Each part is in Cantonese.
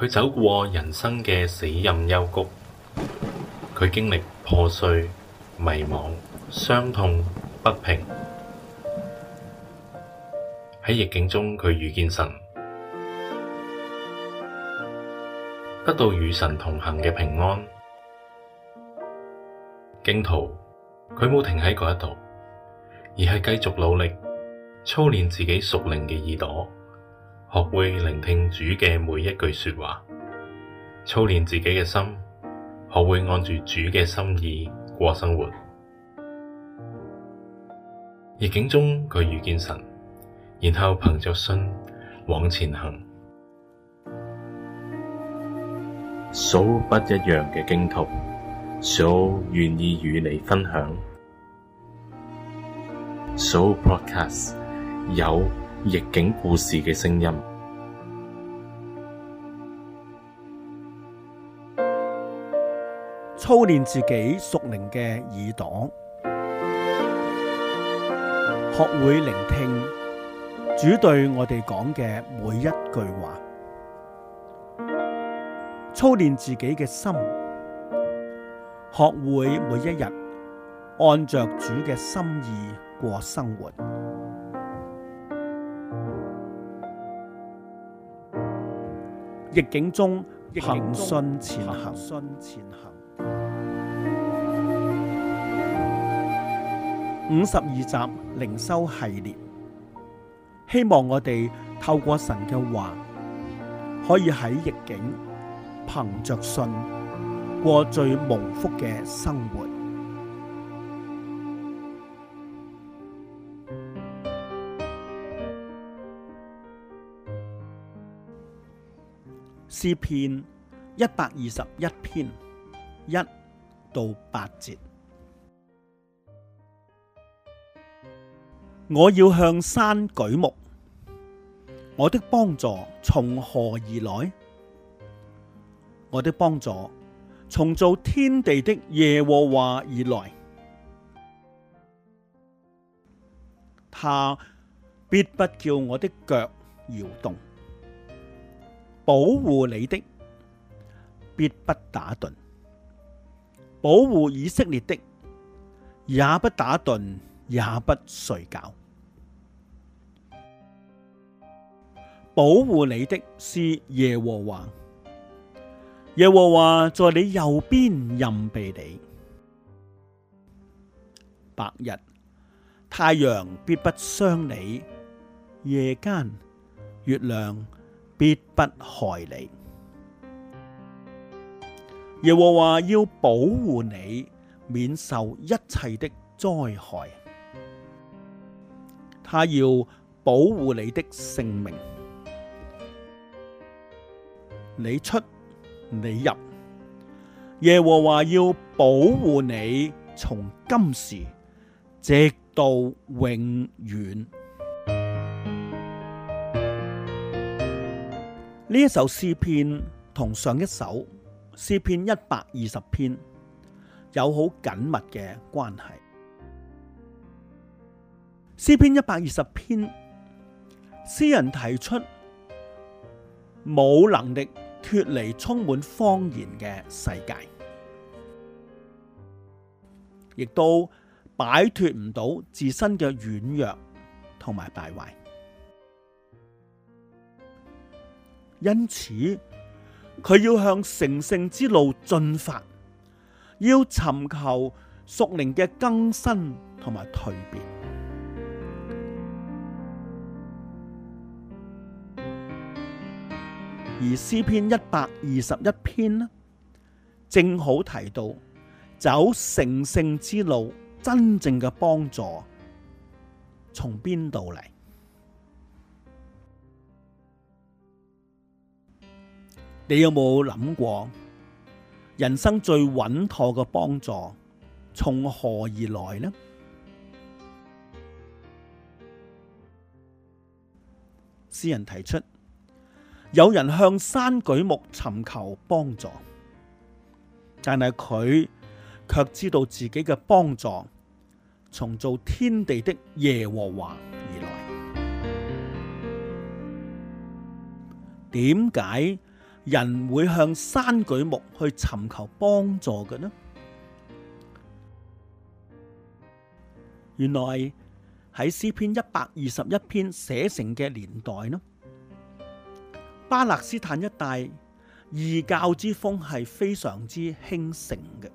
佢走過人生嘅死蔭幽谷，佢經歷破碎、迷茫、傷痛、不平。喺逆境中，佢遇見神，得到與神同行嘅平安。荊徒，佢冇停喺嗰一度，而係繼續努力操練自己熟靈嘅耳朵。學會聆聽主嘅每一句說話，操練自己嘅心，學會按住主嘅心意過生活。逆境中佢遇見神，然後憑着信往前行。數不一樣嘅驚濤，數願意與你分享。數 Podcast 有。逆境故事嘅聲音，操練自己屬靈嘅耳朵，學會聆聽主對我哋講嘅每一句話。操練自己嘅心，學會每一日按着主嘅心意過生活。逆境中，憑信前行。五十二集靈修系列，希望我哋透過神嘅話，可以喺逆境，憑着信過最蒙福嘅生活。詩篇一百二十一篇一到八節，我要向山舉目，我的幫助從何而來？我的幫助從造天地的耶和華而來，他必不叫我的腳搖動。保護你的，必不打盹；保護以色列的，也不打盹，也不睡覺。保護你的是耶和華，耶和華在你右邊蔭庇你。白日太陽必不傷你，夜間月亮。必不害你。耶和華要保護你，免受一切的災害。他要保護你的性命。你出，你入，耶和華要保護你，從今時直到永遠。呢一首詩篇同上一首詩篇一百二十篇有好緊密嘅關係。詩篇一百二十篇，詩人提出冇能力脫離充滿謊言嘅世界，亦都擺脫唔到自身嘅軟弱同埋敗壞。因此，佢要向成聖之路進發，要尋求屬靈嘅更新同埋蛻變。而詩篇一百二十一篇，正好提到走成聖之路真正嘅幫助，從邊度嚟？你有冇諗過，人生最穩妥嘅幫助從何而來呢？詩人提出，有人向山舉目尋求幫助，但係佢卻知道自己嘅幫助從造天地的耶和華而來。點解？人會向山舉目去尋求幫助嘅呢？原來喺詩篇一百二十一篇寫成嘅年代呢，巴勒斯坦一帶異教之風係非常之興盛嘅，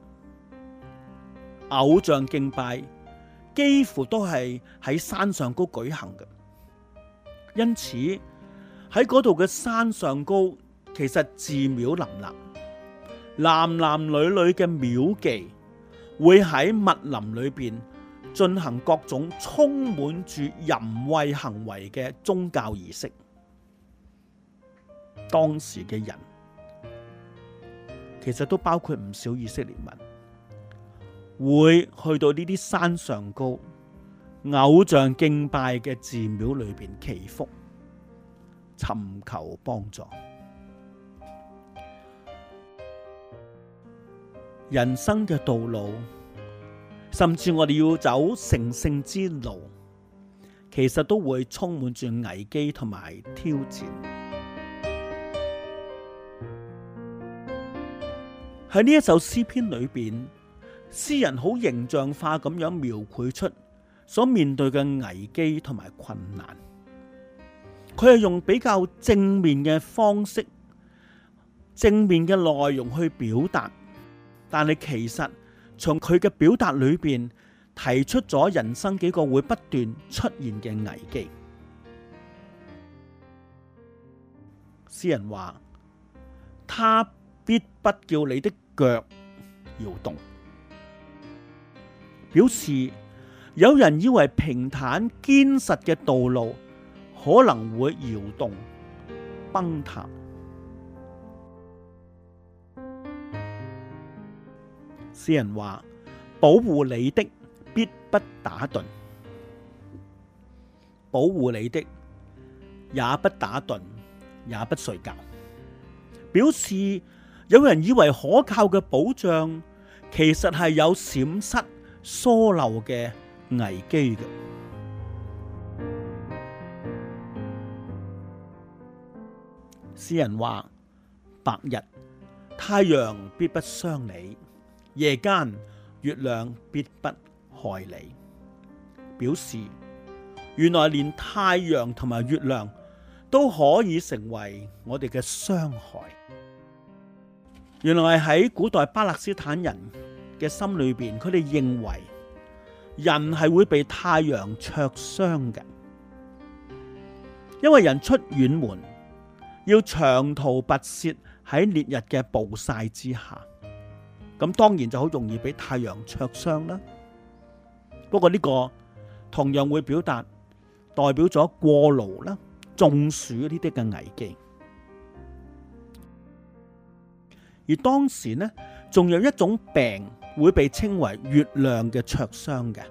偶像敬拜幾乎都係喺山上高舉行嘅，因此喺嗰度嘅山上高。其實寺廟林立，男男女女嘅廟妓會喺密林裏邊進行各種充滿住淫穢行為嘅宗教儀式。當時嘅人其實都包括唔少以色列民，會去到呢啲山上高偶像敬拜嘅寺廟裏邊祈福，尋求幫助。人生嘅道路，甚至我哋要走成聖之路，其實都會充滿住危機同埋挑戰。喺呢一首詩篇裏邊，詩人好形象化咁樣描繪出所面對嘅危機同埋困難。佢係用比較正面嘅方式，正面嘅內容去表達。但係其實，從佢嘅表達裏邊提出咗人生幾個會不斷出現嘅危機。詩人話：他必不叫你的腳搖動，表示有人以為平坦堅實嘅道路可能會搖動崩塌。詩人話：保護你的必不打盹，保護你的也不打盹，也不睡覺。表示有人以為可靠嘅保障，其實係有閃失疏漏嘅危機嘅。詩人話：白日太陽必不傷你。夜間月亮必不害你，表示原來連太陽同埋月亮都可以成為我哋嘅傷害。原來喺古代巴勒斯坦人嘅心裏面，佢哋認為人係會被太陽灼傷嘅，因為人出遠門要長途跋涉喺烈日嘅暴曬之下。咁當然就好容易俾太陽灼傷啦。不過呢個同樣會表達代表咗過勞啦、中暑呢啲嘅危機。而當時呢，仲有一種病會被稱為月亮嘅灼傷嘅。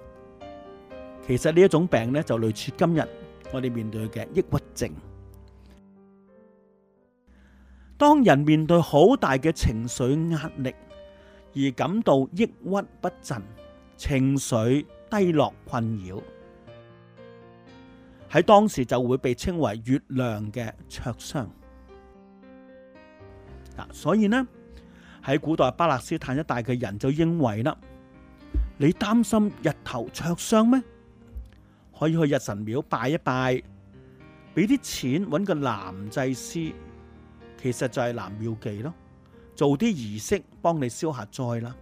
其實呢一種病呢，就類似今日我哋面對嘅抑鬱症。當人面對好大嘅情緒壓力，而感到抑鬱不振，情緒低落困擾，喺當時就會被稱為月亮嘅灼傷。嗱，所以呢，喺古代巴勒斯坦一帶嘅人就認為啦，你擔心日頭灼傷咩？可以去日神廟拜一拜，俾啲錢揾個男祭司，其實就係男廟祝咯。做啲儀式幫你消下災啦。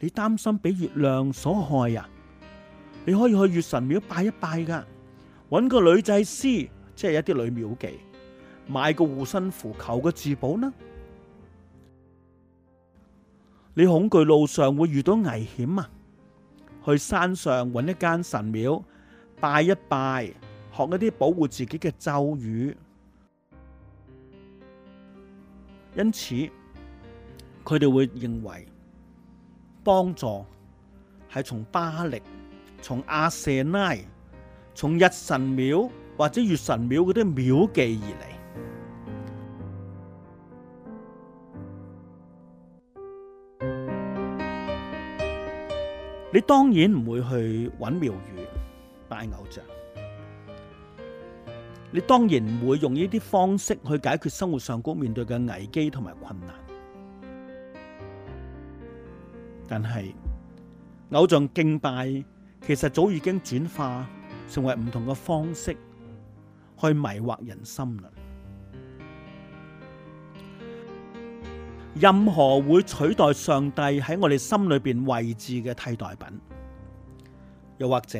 你擔心俾月亮所害呀，啊？你可以去月神廟拜一拜噶，搵個女祭司，即係一啲女廟妓，買個護身符，求個自保啦。你恐懼路上會遇到危險啊？去山上搵一間神廟拜一拜，學一啲保護自己嘅咒語。因此，佢哋會認為幫助係從巴力、從亞舍拉、從日神廟或者月神廟嗰啲廟記而嚟。你當然唔會去揾廟宇拜偶像。你當然唔會用呢啲方式去解決生活上高面對嘅危機同埋困難，但係偶像敬拜其實早已經轉化成為唔同嘅方式去迷惑人心啦。任何會取代上帝喺我哋心裏面位置嘅替代品，又或者……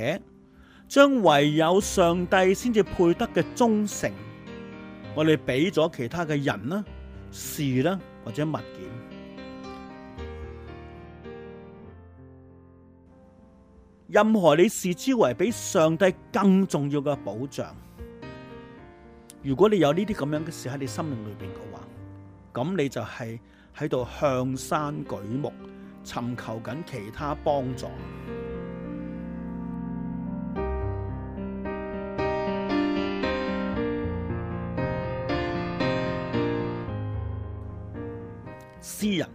將唯有上帝先至配得嘅忠誠，我哋俾咗其他嘅人啦、事啦或者物件。任何你視之為比上帝更重要嘅保障，如果你有呢啲咁樣嘅事喺你心靈裏邊嘅話，咁你就係喺度向山舉目，尋求緊其他幫助。之人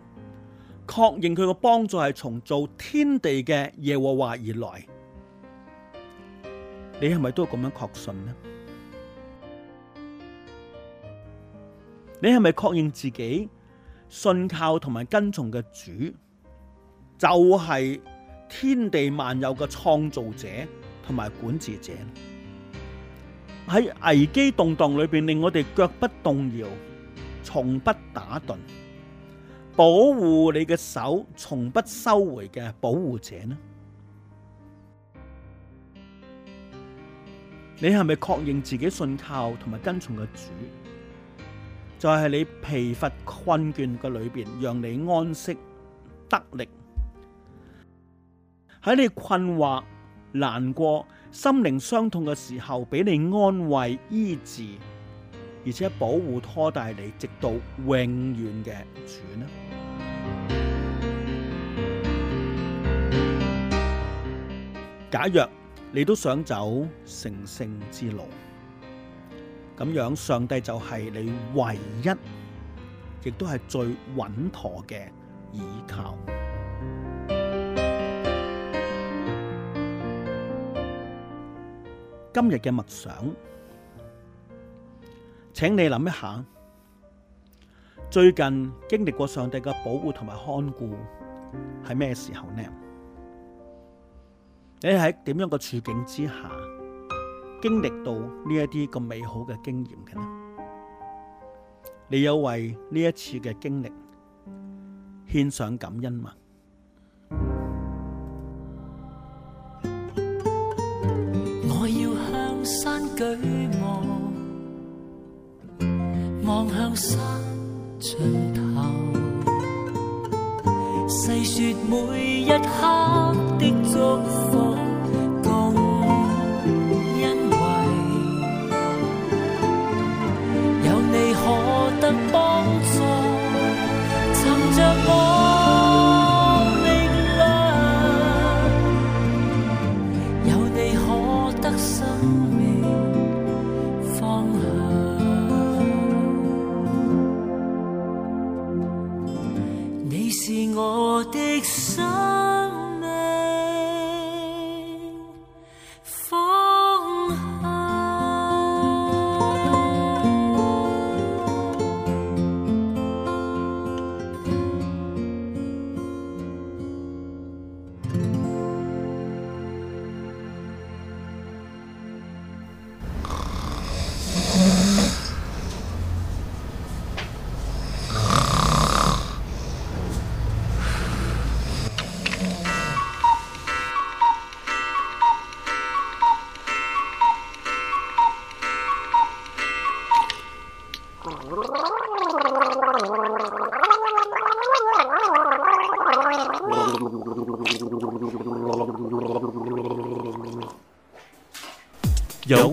確認佢嘅幫助係從造天地嘅耶和華而來，你係咪都咁樣確信呢？你係咪確認自己信靠同埋跟從嘅主就係天地萬有嘅創造者同埋管治者呢？喺危機動蕩裏邊，令我哋腳不動搖，從不打盹。保護你嘅手從不收回嘅保護者呢？你係咪確認自己信靠同埋跟從嘅主？就係你疲乏困倦嘅裏邊，讓你安息得力；喺你困惑、難過、心靈傷痛嘅時候，俾你安慰醫治，而且保護拖帶你直到永遠嘅主呢？假若你都想走成聖之路，咁樣上帝就係你唯一，亦都係最穩妥嘅依靠。今日嘅默想，請你諗一下，最近經歷過上帝嘅保護同埋看顧，係咩時候呢？你喺點樣嘅處境之下，經歷到呢一啲咁美好嘅經驗嘅呢？你有為呢一次嘅經歷獻上感恩嗎？